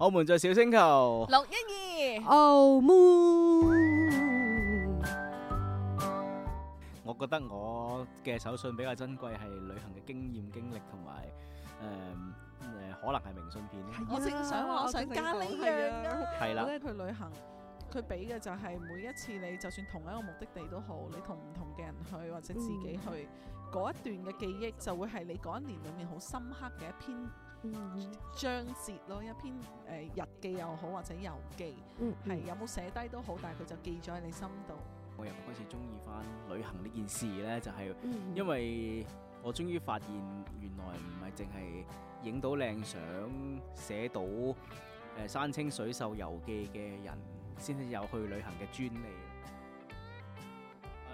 我們在小星球。六一二。Oh Moon。我覺得我嘅手信比較珍貴係旅行嘅經驗經歷同埋誒誒可能係明信片。我正想話我想加呢樣。係啦。我咧去旅行，佢俾嘅就係每一次你就算同一個目的地都好，你同唔同嘅人去或者自己去，嗰一段嘅記憶就會係你嗰一年裏面好深刻嘅一篇。嗯，mm hmm. 章節咯，一篇誒、呃、日記又好，或者遊記，係、mm hmm. 有冇寫低都好，但係佢就記咗喺你心度。我又開始中意翻旅行呢件事咧，就係、是、因為我終於發現，原來唔係淨係影到靚相、寫到誒、呃、山清水秀遊記嘅人，先至有去旅行嘅專利。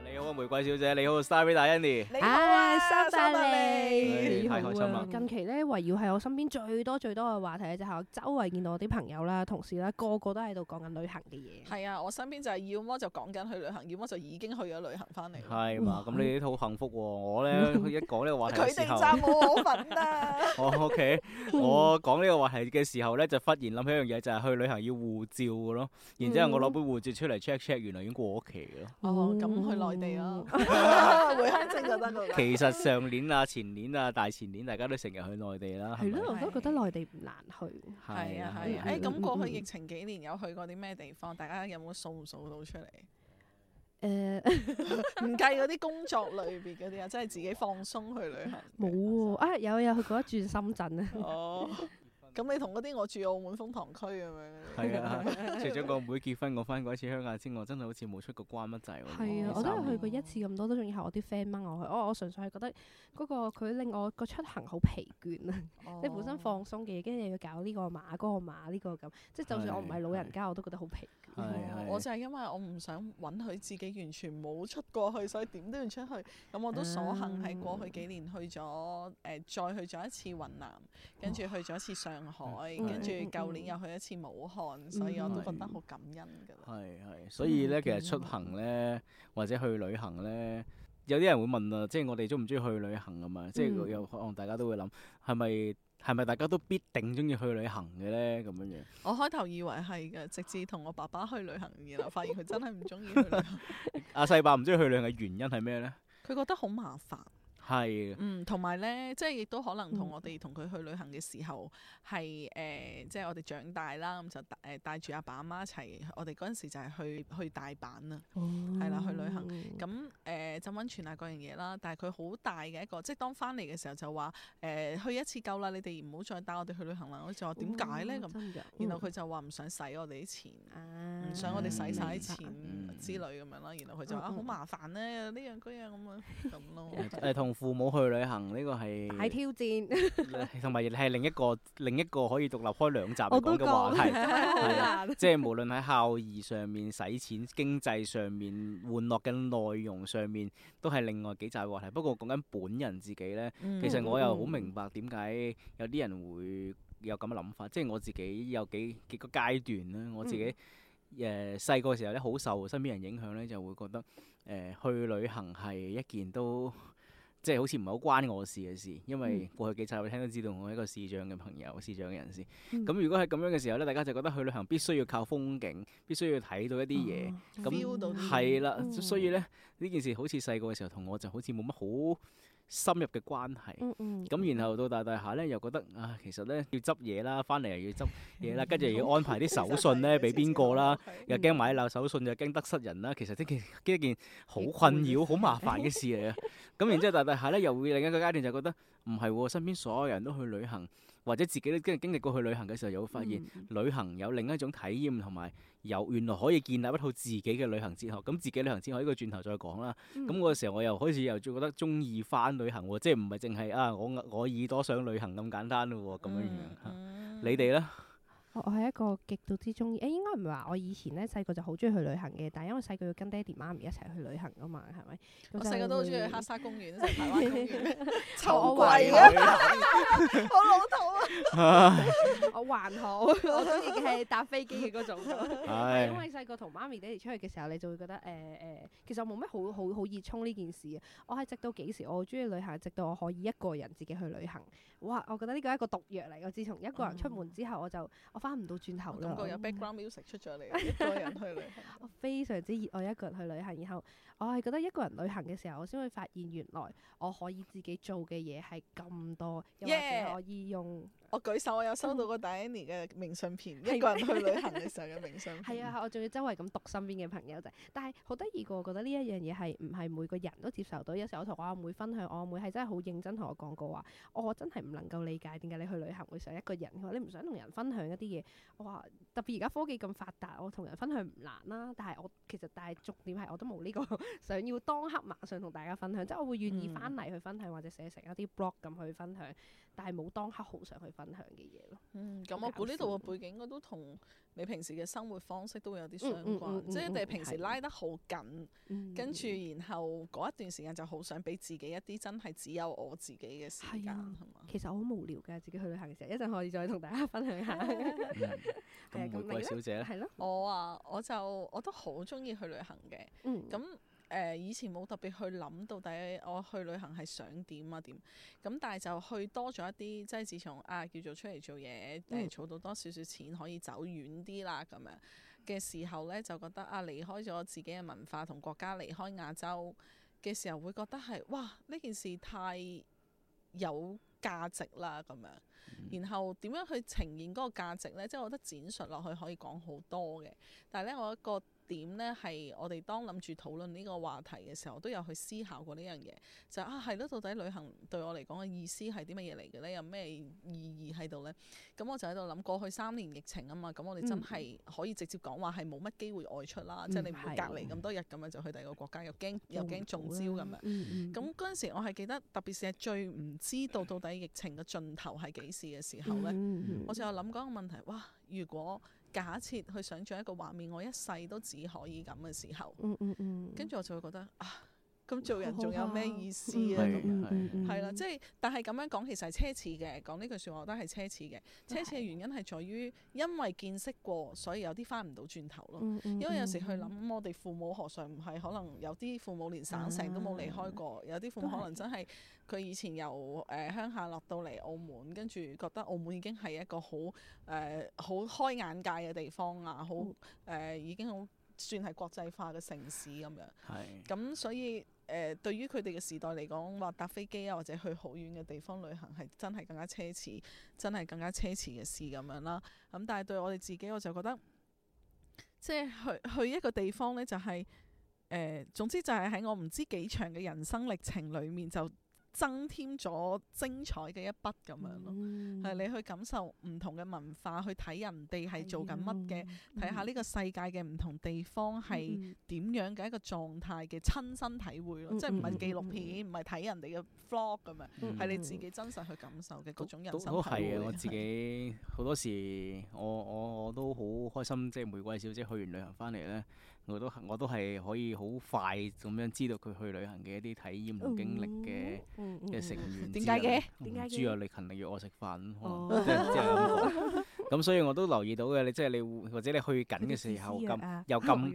你好、啊，玫瑰小姐。你好 Starry 大恩尼。你好啊，Starry！、哎、太開心啦。近期咧，圍繞係我身邊最多最多嘅話題就係我周圍見到我啲朋友啦、同事啦，個個都喺度講緊旅行嘅嘢。係啊，我身邊就係要麼就講緊去旅行，要麼就已經去咗旅行翻嚟。係嘛，咁、嗯、你哋都好幸福喎、啊。我咧一講呢個話題嘅時候，佢定責我唔啊。OK，我講呢個話題嘅時候咧，就忽然諗起一樣嘢，就係、是、去旅行要護照嘅咯。然之後我攞本護照出嚟 check check，原來已經過咗期嘅咯。哦、嗯，咁、嗯嗯、去內。地咯，回鄉證就得咯。其實上年啊、前年啊、大前年，大家都成日去內地啦。係咯，我都覺得內地唔難去。係啊係啊。誒，咁過去疫情幾年有去過啲咩地方？大家有冇數唔數到出嚟？誒，唔計嗰啲工作裏邊嗰啲啊，即係自己放鬆去旅行。冇喎 啊！有有去過一轉深圳啊。哦。 Oh. 咁你同嗰啲我住澳門風順堂區，咁樣，係啊， 除咗個妹結婚，我翻過一次香港之外，我真係好似冇出過關乜滯喎。係啊，我都係去過一次咁多，都仲、哦、要係我啲 friend 掹我去。我我純粹係覺得嗰、嗰個佢令我個出行好疲倦啊！哦、 你本身放鬆嘅嘢，跟住又要搞呢、呢個碼個、嗰個、碼呢、呢個咁，即係就算我唔係老人家，啊、我都覺得好疲倦。係啊，我就係因為我唔想允許自己完全冇出過去，所以點都要出去。咁我都所幸喺過去幾年去咗誒，呃、再去咗一次雲南，跟住去咗一次上。海，跟住舊年又去一次武漢，嗯，所以我都覺得好感恩噶。係係、嗯，所以咧其實出行咧或者去旅行咧，有啲人會問啊，即係我哋中唔中意去旅行啊嘛？嗯、即係又可能大家都會諗，係咪係咪大家都必定中意去旅行嘅咧？咁樣樣。我開頭以為係嘅，直至同我爸爸去旅行嘅時候，發現佢真係唔中意去旅行。阿細爸唔中意去旅行嘅原因係咩咧？佢覺得好麻煩。係。嗯，同埋咧，即係亦都可能同我哋同佢去旅行嘅時候係誒，即係我哋長大啦，咁就誒帶住阿爸阿媽、媽一齊。我哋嗰陣時就係去去大阪啊，係啦、哦，去旅行。咁誒浸溫泉啊嗰樣嘢啦，但係佢好大嘅一個，即係當翻嚟嘅時候就話誒、呃、去一次夠啦，你哋唔好再帶我哋去旅行啦。我就話點解咧咁哦哦、然後佢就話唔想使我哋啲錢，唔、哦、想我哋使晒啲錢之類咁樣啦。然後佢就話、啊、好麻煩咧、啊，呢樣嗰樣咁啊咁咯。父母去旅行呢、這個係挑戰，同埋係另一個另一個可以獨立開兩集嚟講嘅話題，即係無論喺孝義上面使錢、經濟上面、玩樂嘅內容上面，都係另外幾集嘅話題。不過講緊本人自己呢，嗯、其實我又好明白點解有啲人會有咁嘅諗法，嗯、即係我自己有幾幾個階段咧。我自己誒細個時候咧，好受身邊人影響咧，就會覺得、呃、去旅行係一件都。 即係好似唔係好關我事嘅事，因為過去幾集會聽都知道我係一個市長嘅朋友，市長嘅人士。咁、嗯、如果喺咁樣嘅時候呢，大家就覺得去旅行必須要靠風景，必須要睇到一啲嘢。咁係啦，所以咧呢件事好似細個嘅時候同我就好似冇乜好。深入嘅關係，咁、嗯嗯、然後到大大下呢，又覺得啊，其實呢，要執嘢啦，翻嚟又要執嘢啦，跟住又要安排啲手信呢俾邊個啦，啦又驚買漏手信，嗯、又驚得失人啦，其實呢件一件好困擾、好麻煩嘅事嚟嘅。咁 然之後大大下呢，又會另一個階段就覺得唔係、 啊，身邊所有人都去旅行。或者自己都經經歷過去旅行嘅時候，又會發現旅行有另一種體驗，同埋由原來可以建立一套自己嘅旅行哲學。咁自己旅行之後，呢、這個轉頭再講啦。咁嗰、嗯、時候我又開始又覺得中意翻旅行喎，即係唔係淨係啊我我耳朵想旅行咁簡單咯喎、哦，咁樣樣。嗯、 你哋咧？我我係一個極度之中意，誒應該唔係話我以前咧細個就好中意去旅行嘅，但係因為細個要跟爹哋媽咪一齊去旅行啊嘛，係咪？我細個都好中意去黑沙公園、沙灣公園，好貴啊！好老土啊！我還好，我中意嘅係搭飛機嘅嗰種，因為細個同媽咪爹哋出去嘅時候，你就會覺得誒誒，其實我冇咩好好好熱衷呢件事。我係直到幾時我好中意旅行，直到我可以一個人自己去旅行，哇！我覺得呢個係一個毒藥嚟，我自從一個人出門之後，我就翻唔到轉頭啦！感覺有 background music 出咗嚟， 一個人去旅行。 我非常之熱愛一個人去旅行，然後。我係覺得一個人旅行嘅時候，我先會發現原來我可以自己做嘅嘢係咁多，又 Yeah! 或者我可以用我舉手，我有收到過第一年嘅明信片，嗯、一個人去旅行嘅時候嘅明信片。係 啊，我仲要周圍咁讀身邊嘅朋友仔，但係好得意過，我覺得呢一樣嘢係唔係每個人都接受到。有時候我同我阿妹分享，我阿妹係真係好認真同我講過話，我真係唔能夠理解點解你去旅行會想一個人，你唔想同人分享一啲嘢。我話特別而家科技咁發達，我同人分享唔難啦，但係我其實但係重點係我都冇呢、呢個。想要當刻馬上同大家分享，即係我會願意翻嚟去分享或者寫成一啲 blog 咁去分享，但係冇當刻好想去分享嘅嘢咯。嗯，咁我估呢度嘅背景，應該都同你平時嘅生活方式都會有啲相關，即係你平時拉得好緊，跟住然後嗰一段時間就好想俾自己一啲真係只有我自己嘅時間，係嘛？其實我好無聊嘅，自己去旅行嘅時候，一陣可以再同大家分享下。咁玫瑰小姐咧，我啊，我就我都好中意去旅行嘅。咁。誒、呃、以前冇特別去諗到底，我去旅行係想點啊點咁，但係就去多咗一啲，即係自從啊叫做出嚟做嘢，誒儲、嗯、到多少少錢可以走遠啲啦咁樣嘅時候咧，就覺得啊離開咗自己嘅文化同國家，離開亞洲嘅時候會覺得係，哇呢件事太有價值啦咁樣，然後點樣去呈現嗰個價值咧？即係我覺得展述落去可以講好多嘅，但係咧我一個。點咧係我哋當諗住討論呢個話題嘅時候，都有去思考過呢樣嘢。就係、啊係咯，到底旅行對我嚟講嘅意思係啲乜嘢嚟嘅咧？有咩意義喺度咧？咁我就喺度諗，過去三年疫情啊嘛，咁我哋真係可以直接講話係冇乜機會外出啦。嗯、即係你唔隔離咁多日咁樣就去第二個國家，又驚又驚、嗯、中招咁樣。咁嗰陣時我係記得，特別是係最唔知道到底疫情嘅盡頭係幾時嘅時候咧，嗯嗯嗯、我就有諗嗰個問題：哇，如果假設去想像一個畫面，我一世都只可以咁嘅時候，跟住、嗯嗯嗯、我就會覺得啊。咁做人仲有咩意思啊？咁樣係啦，即係但係咁樣講，其實係奢侈嘅。講呢句説話，我覺得係奢侈嘅。奢侈嘅原因係在於，因為見識過，所以有啲翻唔到轉頭咯。嗯嗯、因為有時去諗，我哋父母何嘗唔係？可能有啲父母連省城都冇離開過，嗯嗯嗯、有啲父母可能真係佢以前由誒、呃、鄉下落到嚟澳門，跟住覺得澳門已經係一個好誒好開眼界嘅地方啊，好誒、呃、已經好算係國際化嘅城市咁樣。係、嗯。咁所以。嗯嗯嗯誒、呃、對於佢哋嘅時代嚟講，話搭飛機啊，或者去好遠嘅地方旅行，係真係更加奢侈，真係更加奢侈嘅事咁樣啦。咁、嗯、但係對我哋自己，我就覺得，即係去去一個地方呢，就係、是、誒、呃，總之就係喺我唔知幾長嘅人生歷程裡面就，增添咗精彩嘅一筆咁樣咯，係、嗯、你去感受唔同嘅文化，去睇人哋係做緊乜嘅，睇下呢個世界嘅唔同地方係點、嗯、樣嘅一個狀態嘅親身體會咯，嗯、即係唔係紀錄片，唔係睇人哋嘅 Vlog 咁樣，係你自己真實去感受嘅各都種人生都。都都係啊！是我自己好多時，我我我，我都好開心，即係玫瑰小姐去完旅行翻嚟咧。我都我都係可以好快咁樣知道佢去旅行嘅一啲體驗同經歷嘅嘅成員點解嘅？點啊、嗯？嘅、嗯？嗯嗯、你勤力約我食飯，可能、哦、即係咁講。 咁所以我都留意到嘅，即你即係你或者你去緊嘅時候咁、啊、又咁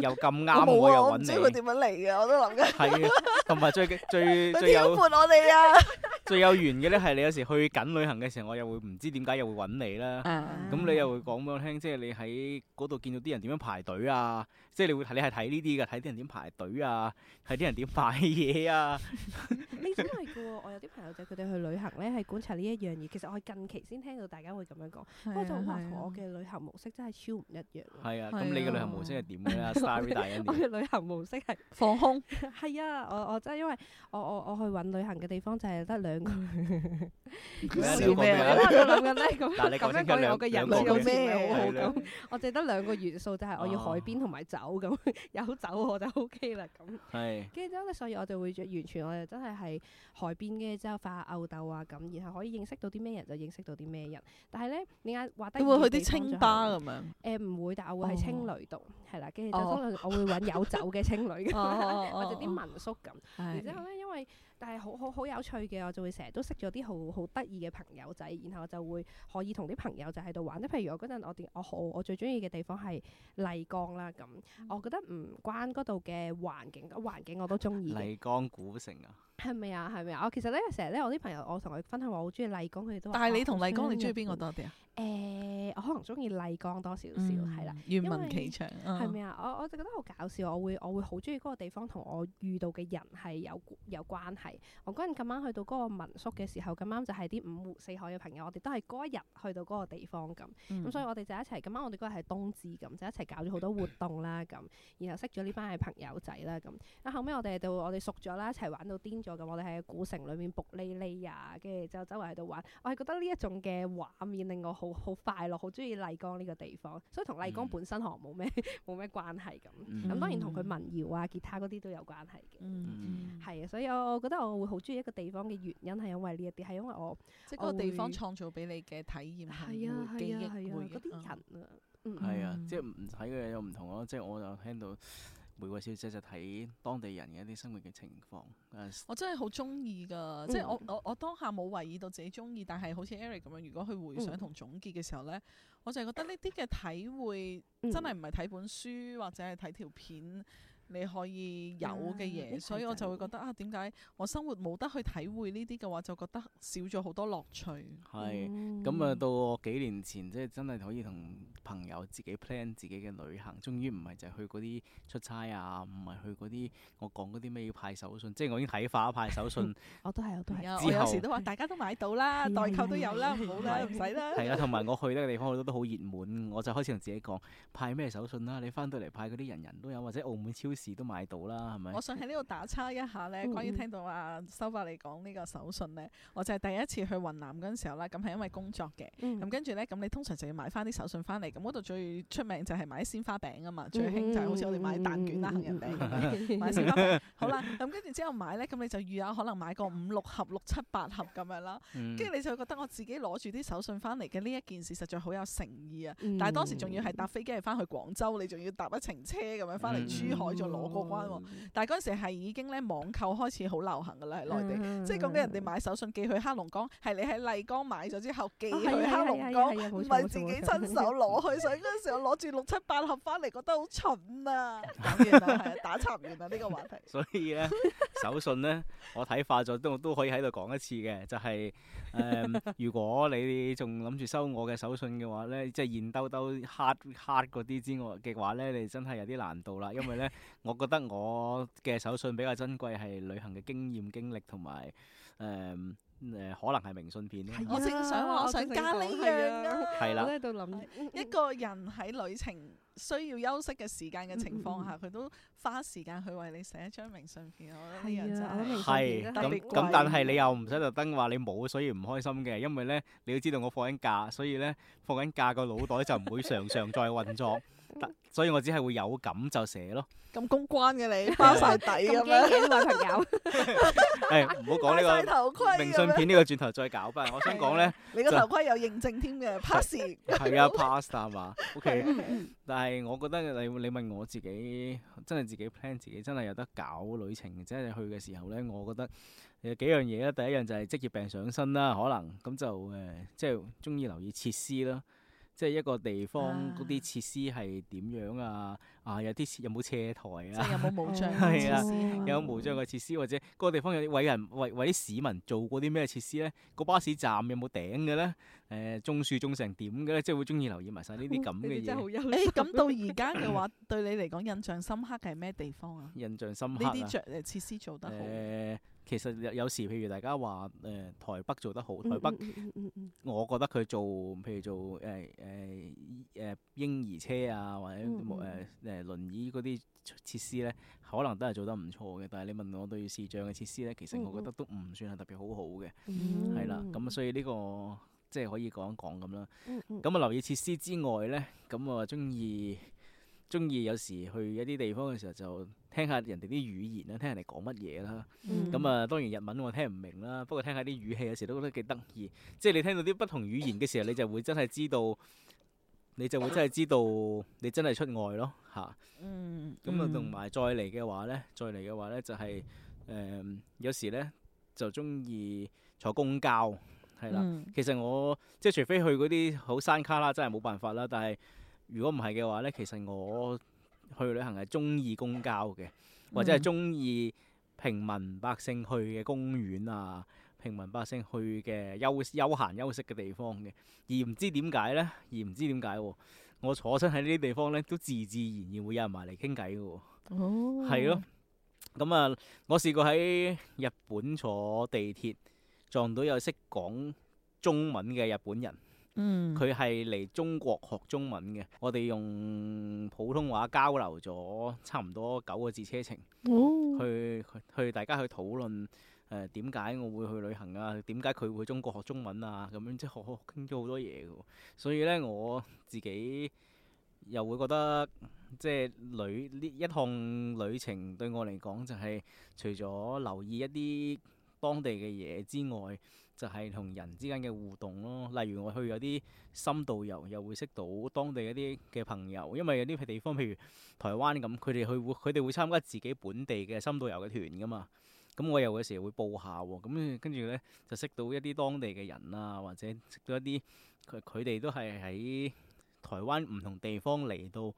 又咁啱我又揾、啊、你，我冇啊！唔知佢點樣嚟嘅，我都諗緊。係 啊，同埋最最最有撥我哋啊！最有、啊、 最有緣嘅咧，係你有時去緊旅行嘅時候，我又會唔知點解又會揾你啦。咁、啊、你又會講俾我聽，即係你喺嗰度見到啲人點樣排隊啊？即係、啊、你會你係睇呢啲噶，睇啲人點排隊啊，睇啲人點買嘢啊。 你真係嘅，我有啲朋友仔佢哋去旅行咧，係觀察呢一樣嘢。其實我係近期先聽到大家會咁樣講。嗰度話我嘅旅行模式真係超唔一樣。係啊，咁你嘅旅行模式係點嘅咧？Sorry 大一，我嘅旅行模式係放空。係啊，我我真係因為我我我去揾旅行嘅地方就係得兩個。笑咩啊？你喺度諗緊咧咁咁樣，我嘅人要咩好好咁？我淨係得兩個元素，就係我要海邊同埋酒，咁有酒我就 O K 啦咁。係。跟住之後咧，所以我哋會完全，我哋真係係海邊嘅之後發下吽哣啊咁，然後可以認識到啲咩人就認識到啲咩人。但係咧，另外。話低會去啲清吧咁樣？誒、欸，唔會，但我會喺青旅度，係啦、哦，跟住就通常、哦、我會搵有酒嘅青旅，或者啲民宿咁。然之後咧，因為但係好好好有趣嘅，我就會成日都識咗啲好好得意嘅朋友仔，然後就會可以同啲朋友就喺度玩。即係譬如我嗰陣，我點我好，我最中意嘅地方係麗江啦。咁，嗯、我覺得唔關嗰度嘅環境，環境我都中意。麗江古城啊！係咪啊？係咪啊？我其實咧，成日咧，我啲朋友，我同佢分享話，我好中意麗江，佢哋都話。但係你同麗江，啊、你中意邊個多啲啊？誒、呃，我可能中意麗江多少少，係啦、嗯。願的、嗯、聞其詳。係咪為啊，啊？我我就覺得好搞笑，我會我會好中意嗰個地方同我遇到嘅人係有有關係。我嗰陣咁啱去到嗰個民宿嘅時候，咁啱就係啲五湖四海嘅朋友，我哋都係嗰一日去到嗰個地方咁。咁、嗯嗯、所以我哋就一齊咁啱，我哋嗰日係冬至咁，就一齊搞咗好多活動啦咁， 然後識咗呢班係朋友仔啦咁。啊後尾我哋到我哋熟咗啦，一齊玩到癲咗。我哋喺古城裏面卜哩哩呀，跟住之後周圍喺度玩，我係覺得呢一種嘅畫面令我好好快樂，好中意麗江呢個地方，所以同麗江本身好似冇咩冇咩關係咁。咁、嗯、當然同佢民謠啊、結他嗰啲都有關係嘅。係啊、嗯，所以我我覺得我會好中意一個地方嘅原因係因為呢一啲係因為我即係個地方創造俾你嘅體驗係會記憶會嗰啲人啊。係啊，即係唔睇嘅嘢又唔同咯。即係我就聽到。每個小姐就睇當地人嘅一啲生活嘅情況。Uh, 我真係好中意㗎，嗯、即係我我我當下冇懷疑到自己中意，但係好似 Eric 咁樣，如果去回想同總結嘅時候咧，嗯、我就係覺得呢啲嘅體會真係唔係睇本書或者係睇條片。你可以有嘅嘢，yeah, 所以我就會覺得啊，點解、啊、我生活冇得去體會呢啲嘅話就覺得少咗好多樂趣。係，咁啊到幾年前，即係真係可以同朋友自己 plan 自己嘅旅行，終於唔係就係去嗰啲出差啊，唔係去嗰啲我講嗰啲咩要派手信，即係我已經睇化咗派手信。 我都係，我都係。後 有時都話大家都買到啦， 代購都有啦，唔好啦，唔使啦。係啊 的，同埋 我去呢個地方，好多都好熱門，我就開始同自己講派咩手信啦。你翻到嚟派嗰啲人人都有，或者澳門超市。都買到啦，係咪？我想喺呢度打叉一下咧，關於聽到阿、啊、修伯你講呢個手信咧，嗯、我就係第一次去雲南嗰陣時候啦，咁係因為工作嘅。咁跟住咧，咁你通常就要買翻啲手信翻嚟，咁嗰度最出名就係買啲鮮花餅啊嘛，最興就係好似我哋買蛋卷啦、杏仁餅、買鮮花餅。好啦，咁跟住之後買咧，咁你就預有可能買個五六盒、六七八盒咁樣啦。跟住、嗯、你就會覺得我自己攞住啲手信翻嚟嘅呢一件事，實在好有誠意啊！嗯、但係當時仲要係搭飛機係翻去廣州，你仲要搭一程車咁樣翻嚟珠海做。攞過關，但係嗰陣時係已經咧網購開始好流行嘅啦，喺內地，即係講緊人哋買手信寄去黑龍江，係你喺麗江買咗之後寄去黑龍江，唔係、哦、自己親手攞去，所以嗰陣時我攞住六七八盒翻嚟，覺得好蠢啊！講 完啦，係打岔唔完啦呢個話題。 所以咧呢。 手信呢，我睇化咗都都可以喺度講一次嘅，就係、是、誒、呃，如果你仲諗住收我嘅手信嘅話呢，即係現兜兜、黑黑嗰啲之外嘅話呢，你真係有啲難度啦，因為呢，我覺得我嘅手信比較珍貴係旅行嘅經驗、經歷同埋誒。呃誒、呃，可能係明信片咧、啊。啊、我正想話，我想加呢樣係、啊、啦，啊、我喺度諗，啊、一個人喺旅程需要休息嘅時間嘅情況下，佢、嗯嗯、都花時間去為你寫一張明信片、啊。我覺得啲人真係咁咁，但係你又唔使特登話你冇，所以唔開心嘅。因為咧，你要知道我放緊假，所以咧放緊假個腦袋就唔會常常再運作。 所以，我只係會有感就寫咯。咁公關嘅你包晒底咁樣， 女朋友。唔好講呢個頭盔明信片，呢個轉頭再搞返。 嗯、我想講咧， 你個頭盔有認證添嘅 pass。係啊，pass 啊嘛。O K。Okay. 但係我覺得你你問我自己，真係自己 plan 自己真係有得搞旅程，真係去嘅時候咧，我覺得有幾樣嘢啦。第一樣就係職業病上身啦，可能咁就誒，即係中意留意設施啦。即係一個地方嗰啲設施係點樣啊？啊，有啲有冇斜台啊？有冇無障礙設施、啊？ 有冇無障嘅設施？或者個地方有為人為為啲市民做過啲咩設施咧？個巴士站有冇頂嘅咧？誒、呃，種樹種成點嘅咧？即係會中意留意埋晒呢啲咁嘅嘢。誒、哦，咁到而家嘅話，對你嚟講印象深刻係咩地方啊？印象深刻呢啲著設施做得好。呃其實有有時，譬如大家話誒、呃、台北做得好，台北，我覺得佢做譬如做誒誒誒嬰兒車啊，或者木誒誒輪椅嗰啲設施咧，可能都係做得唔錯嘅。但係你問我對視障嘅設施咧，其實我覺得都唔算係特別好好嘅，係啦、嗯。咁所以呢、這個即係可以講一講咁啦。咁啊、嗯，嗯、留意設施之外咧，咁啊中意中意有時去一啲地方嘅時候就。聽下人哋啲語言啦，聽人哋講乜嘢啦。咁啊、嗯，嗯嗯、當然日文我聽唔明啦，不過聽下啲語氣有時都覺得幾得意。即係你聽到啲不同語言嘅時候，你就會真係知道，你就會真係知道你真係出外咯吓，咁啊，同、嗯、埋、嗯嗯嗯、再嚟嘅話呢，再嚟嘅話呢，就係、是、誒、呃、有時呢，就中意坐公交係啦。嗯、其實我即係除非去嗰啲好山卡啦，真係冇辦法啦。但係如果唔係嘅話呢，其實我、嗯。去旅行係中意公交嘅，或者係中意平民百姓去嘅公園啊，平民百姓去嘅休休閒休息嘅地方嘅。而唔知點解咧？而唔知點解、哦，我坐親喺呢啲地方咧，都自自然然會有人埋嚟傾偈嘅。哦，係咯、哦。咁啊、嗯，我試過喺日本坐地鐵撞到有識講中文嘅日本人。佢係嚟中國學中文嘅，我哋用普通話交流咗差唔多九個字車程，哦、去去，去大家去討論，誒點解我會去旅行啊，點解佢會中國學中文啊，咁樣即係好傾咗好多嘢，所以呢，我自己又會覺得，即係旅呢一趟旅程對我嚟講就係除咗留意一啲當地嘅嘢之外。就係同人之間嘅互動咯，例如我去有啲深度遊，又會識到當地一啲嘅朋友，因為有啲地方譬如台灣咁，佢哋去會佢哋會參加自己本地嘅深度遊嘅團噶嘛，咁我有嘅時候會報下喎，咁跟住呢，就識到一啲當地嘅人啊，或者識到一啲佢佢哋都係喺台灣唔同地方嚟到。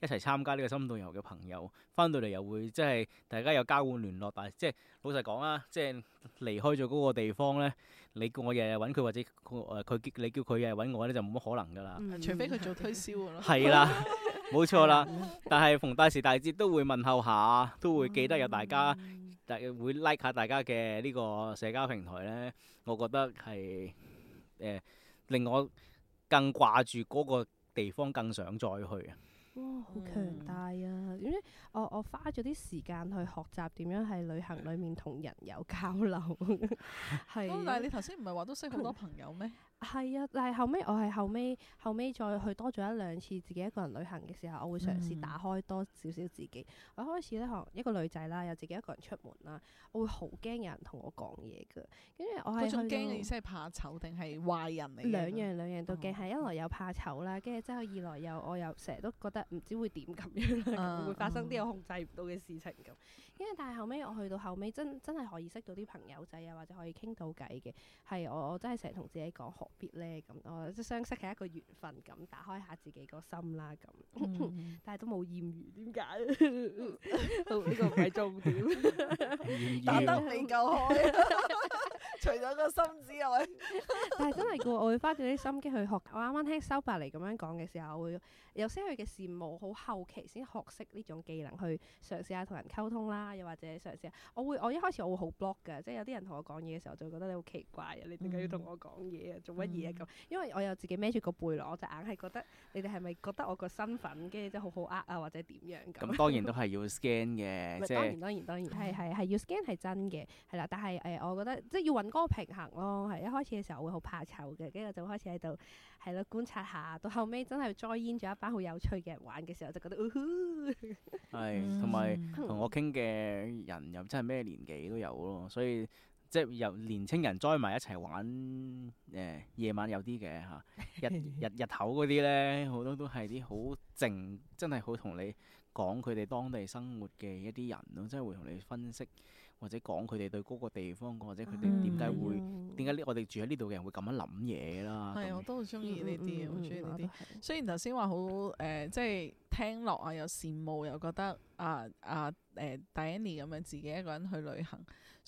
一齊參加呢個深度遊嘅朋友，翻到嚟又會即係大家有交換聯絡，但係即係老實講啊，即係離開咗嗰個地方咧，你叫我日日揾佢，或者佢誒佢你叫佢日日揾我咧，就冇乜可能㗎啦。除非佢做推銷㗎咯。係啦，冇錯啦。但係逢大時大節都會問候下，都會記得有大家，嗯嗯、會 like 下大家嘅呢個社交平台咧。我覺得係誒、呃、令我更掛住嗰個地方，更想再去啊。哇，好強大啊！你知、嗯、我我花咗啲時間去學習點樣喺旅行裏面同人有交流，係、 啊哦。但係你頭先唔係話都識好多朋友咩？嗯係啊，但係後尾我係後尾後尾再去多咗一兩次自己一個人旅行嘅時候，我會嘗試打開多少少自己。嗯嗯我開始咧，學一個女仔啦，有自己一個人出門啦，我會好驚有人同我講嘢嘅。跟住我係嗰種驚嘅意思係怕醜定係壞人嚟嘅？兩樣兩樣都驚，係、哦、一來又怕醜啦，跟住之後二來又我又成日都覺得唔知會點咁樣啦， 會發生啲我控制唔到嘅事情咁。因為、嗯嗯、但係後尾我去到後尾，真真係可以識到啲朋友仔啊，或者可以傾到偈嘅，係我我真係成日同自己講必咧咁，我即相識係一個緣分咁，打開下自己心嗯嗯嗯 個心啦咁，但係都冇艷遇，點解呢個唔係重點，打得你夠開。 除咗個心之外，但係真係㗎，我會花咗啲心機去學。我啱啱聽蘇柏尼咁樣講嘅時候，我會有些許嘅羨慕，好後期先學識呢種技能去嘗試下同人溝通啦，又或者嘗試下。我會，我一開始我會好 block 㗎，即係有啲人同我講嘢嘅時候，我就會覺得你好奇怪啊，你點解要同我講嘢啊？做乜嘢啊？咁，因為我又自己孭住個背囊，我就硬係覺得你哋係咪覺得我個身份跟住即係好好呃啊，或者點樣咁？咁當然都係要 scan 嘅，即係當然當然當然，係係係要 scan 係真嘅，係啦。但係誒，我覺得即係要揾。嗰個平衡咯，係一開始嘅時候會好怕醜嘅，跟住就開始喺度係咯觀察下，到後尾真係 join 咗一班好有趣嘅人玩嘅時候，就覺得係，同埋同我傾嘅人又真係咩年紀都有咯，所以即係由年青人 join 埋一齊玩，誒夜、嗯、晚有啲嘅嚇，日 日日頭嗰啲咧好多都係啲好靜，真係好同你。講佢哋當地生活嘅一啲人咯，即係會同你分析，或者講佢哋對嗰個地方，或者佢哋點解會點解呢？我哋住喺呢度嘅人會咁樣諗嘢啦。係，我都好中意呢啲，好中意呢啲。雖然頭先話好誒、呃、即係聽落啊，又羨慕，又覺得啊啊誒、呃，Danny 咁樣自己一個人去旅行。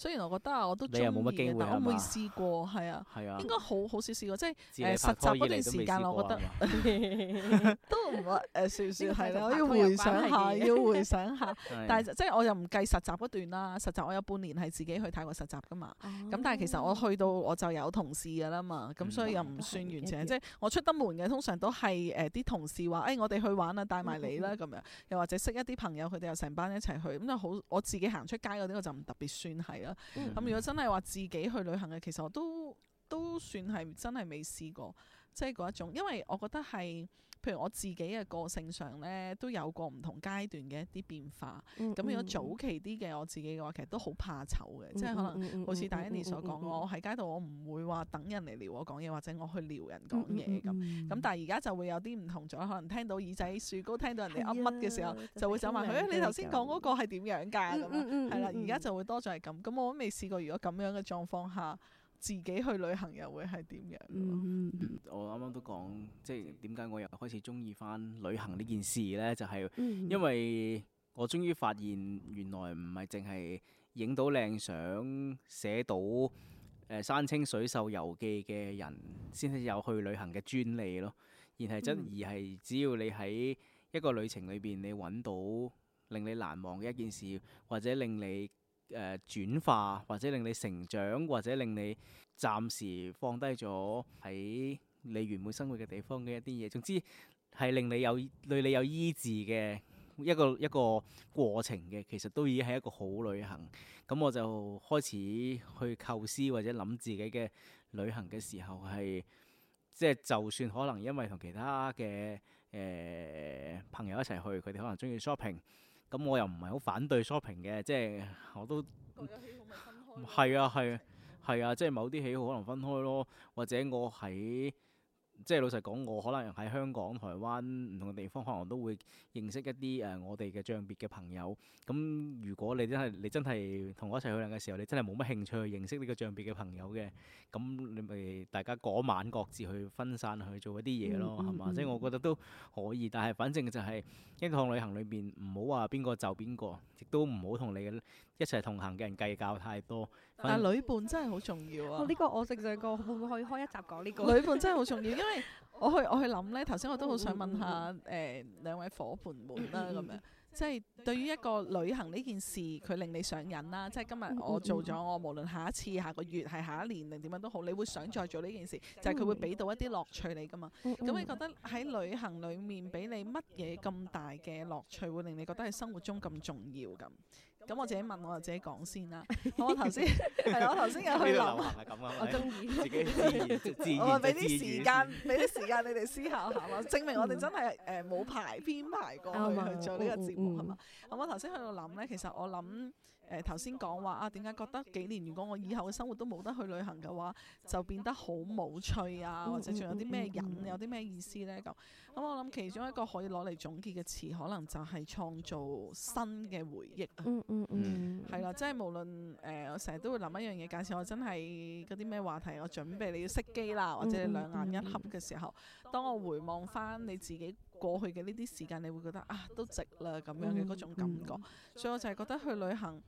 雖然我覺得啊，我都中意嘅，但我冇試過，係啊，應該好好少試過，即係誒實習嗰段時間，我覺得都唔誒算算係啦，要回想下，要回想下。但係即係我又唔計實習嗰段啦，實習我有半年係自己去泰國實習㗎嘛。咁但係其實我去到我就有同事㗎啦嘛，咁所以又唔算完全。即係我出得門嘅，通常都係誒啲同事話：誒我哋去玩啊，帶埋你啦咁樣。又或者識一啲朋友，佢哋又成班一齊去，咁就好。我自己行出街嗰啲，我就唔特別算係啦。咁，嗯，如果真係話自己去旅行嘅，其實我都都算係真係未試過，即係嗰一種，因為我覺得係。譬如我自己嘅個性上咧，都有過唔同階段嘅一啲變化。咁如果早期啲嘅我自己嘅話，其實都好怕醜嘅，即係可能好似戴 Any 所講，我喺街度我唔會話等人嚟撩我講嘢，或者我去撩人講嘢咁。咁但係而家就會有啲唔同咗，可能聽到耳仔豎高聽到人哋噏乜嘅時候，就會走埋去。你頭先講嗰個係點樣㗎？係啦，而家就會多咗係咁。咁我都未試過，如果咁樣嘅狀況下。自己去旅行又會係點樣？嗯，我啱啱都講，即係點解我又開始中意翻旅行呢件事咧？就係因為我終於發現原來唔係淨係影到靚相，寫到誒、呃、山清水秀遊記嘅人先至有去旅行嘅專利咯。而係真、嗯，而係只要你喺一個旅程裏邊你揾到令你難忘嘅一件事，或者令你誒轉、呃、化或者令你成長，或者令你暫時放低咗喺你原本生活嘅地方嘅一啲嘢，總之係令你有對你有醫治嘅一個一個，一個過程嘅，其實都已經係一個好旅行。咁、嗯、我就開始去構思或者諗自己嘅旅行嘅時候係，即、就、係、是、就算可能因為同其他嘅誒、呃、朋友一齊去，佢哋可能中意 shopping。咁我又唔係好反對 shopping 嘅，即係我都係啊，係，係啊，即係某啲喜好可能分開咯，或者我喺。即係老實講，我可能喺香港、台灣唔同嘅地方，可能都會認識一啲誒、呃、我哋嘅象別嘅朋友。咁如果你真係你真係同我一齊去旅行嘅時候，你真係冇乜興趣去認識呢個象別嘅朋友嘅，咁你咪大家嗰晚各自去分散去做一啲嘢咯，係嘛、嗯嗯嗯？即係我覺得都可以，但係反正就係一趟旅行裏邊，唔好話邊個就邊個，亦都唔好同你。一齊同行嘅人計較太多，但係旅伴真係好重要啊！呢、啊這個我正正、這個，會唔會可以開一集講呢、這個？旅伴真係好重要，因為我去我去諗呢，頭先我都好想問下誒、欸、兩位伙伴們啦，咁樣、嗯嗯嗯嗯、即係對於一個旅行呢件事，佢令你上癮啦。即係今日我做咗，我無論下一次、下個月、係下一年定點樣都好，你會想再做呢件事，就係、是、佢會俾到一啲樂趣你㗎嘛？咁、嗯嗯、你覺得喺旅行裡面俾你乜嘢咁大嘅樂趣，會令你覺得喺生活中咁重要咁？.咁我自己問我，就自己講先啦。 我頭先係我頭先有去諗，我中意自己自然自俾啲時間俾啲 時間你哋思考下咯。 嗯、證明我哋真係誒冇排編排過去去做呢個節目係嘛？咁、 嗯、我頭先喺度諗咧，其實我諗。誒，頭先講話啊，點解覺得幾年如果我以後嘅生活都冇得去旅行嘅話，就變得好無趣啊，或者仲有啲咩癮，嗯、有啲咩意思呢？咁，咁我諗其中一個可以攞嚟總結嘅詞，可能就係創造新嘅回憶啊，嗯。嗯係啦、嗯嗯，即係無論誒、呃，我成日都會諗一樣嘢，假設我真係嗰啲咩話題，我準備你要熄機啦，或者兩眼一合嘅時候，嗯嗯嗯、當我回望翻你自己。過去嘅呢啲時間，你會覺得啊，都值啦，咁樣嘅嗰、嗯、種感覺，嗯、所以我就係覺得去旅行，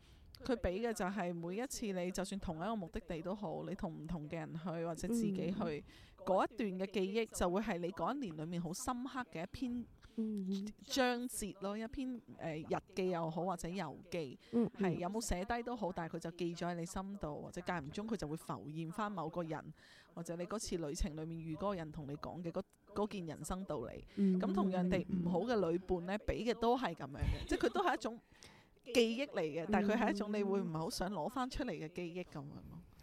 佢俾嘅就係每一次你，就算同一個目的地都好，你同唔同嘅人去或者自己去，嗰、嗯、一段嘅記憶就會係你嗰一年裡面好深刻嘅一篇。Mm hmm. 章節咯，一篇誒日記又好，或者遊記，係、mm hmm. 有冇寫低都好，但係佢就記咗喺你心度，或者間唔中佢就會浮現翻某個人，或者你嗰次旅程裏面遇嗰個人同你講嘅嗰件人生道理。咁同樣地，唔好嘅旅伴咧，俾嘅都係咁樣嘅，即係佢都係一種記憶嚟嘅，但係佢係一種你會唔係好想攞翻出嚟嘅記憶咁樣。Mm hmm. 嗯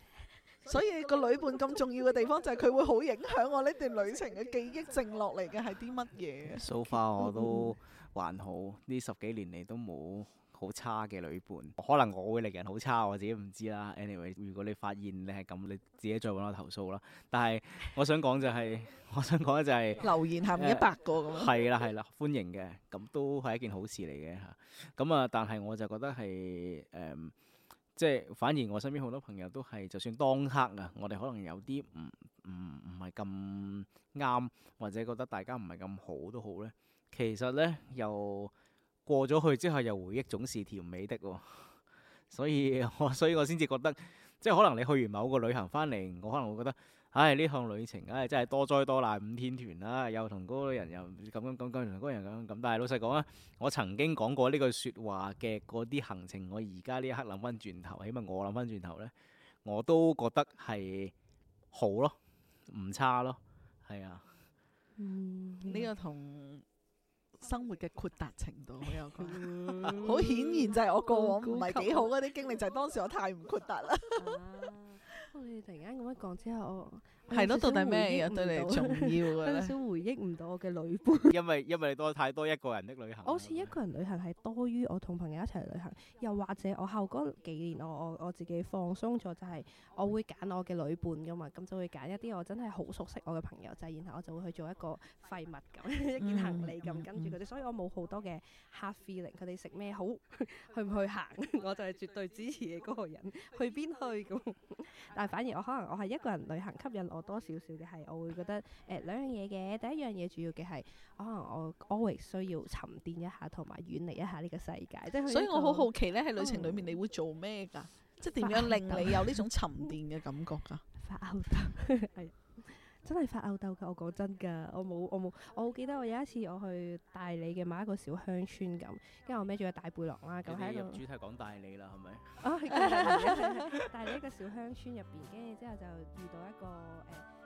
所以個旅伴咁重要嘅地方就係、是、佢會好影響我呢段旅程嘅記憶剩落嚟嘅係啲乜嘢？So far 我都還好，呢、嗯、十幾年嚟都冇好差嘅旅伴。可能我會令人好差，我自己唔知啦。Anyway，如果你發現你係咁，你自己再揾我投訴啦。但係我想講就係、是，我想講咧就係、是 呃、留言下面一百個咁樣。係啦係啦，歡迎嘅，咁、嗯、都係一件好事嚟嘅嚇。咁啊，但係我就覺得係誒。呃即係反而我身邊好多朋友都係，就算當刻啊，我哋可能有啲唔唔唔係咁啱，或者覺得大家唔係咁好都好咧。其實咧，又過咗去之後，又回憶總是甜美的喎、哦。所以我所以我先至覺得，即係可能你去完某個旅行翻嚟，我可能會覺得。唉，呢項、哎、旅程唉、啊，真係多災多難五天團啦、啊，又同嗰個人又咁咁咁同嗰個人咁咁，但係老實講啊，我曾經講過呢句説話嘅嗰啲行程，我而家呢一刻諗翻轉頭，起碼我諗翻轉頭咧，我都覺得係好咯，唔差咯，係啊，呢、嗯嗯、個同生活嘅豁達程度好有關，好、嗯、 顯然就係我過往唔係幾好嗰啲經歷，就係、是、當時我太唔豁達啦。 我哋突然間咁樣講之後。係咯，到底咩嘢對你重要㗎咧？少少回憶唔到我嘅旅伴因。因為因為你多太多一個人的旅行。 好似一個人旅行係多於我同朋友一齊旅行，又或者我後嗰幾年我我我自己放鬆咗，就係我會揀我嘅旅伴㗎嘛，咁就會揀一啲我真係好熟悉我嘅朋友仔，然後我就會去做一個廢物咁， 一件行李咁跟住佢哋，所以我冇好多嘅 hard feeling。佢哋食咩好， 去唔去行，我就係絕對支持你嗰個人，去邊去咁。 但係反而我可能我係一個人旅行吸引我。多少少嘅係，我會覺得誒兩、呃、樣嘢嘅，第一樣嘢主要嘅係，可能我 always 需要沉澱一下，同埋遠離一下呢個世界。即係呢個、所以，我好好奇咧喺旅程裏面你會做咩噶？哦、即係點樣令你有呢種沉澱嘅感覺噶？發吽哣 真係發吽哣㗎！我講真㗎，我冇我冇，我記得我有一次我去大理嘅某一個小鄉村咁，跟住我孭住個大背囊啦，咁喺度，主題講大理啦，係咪？哦， 大理一個小鄉村入邊，跟住之後就遇到一個誒，欸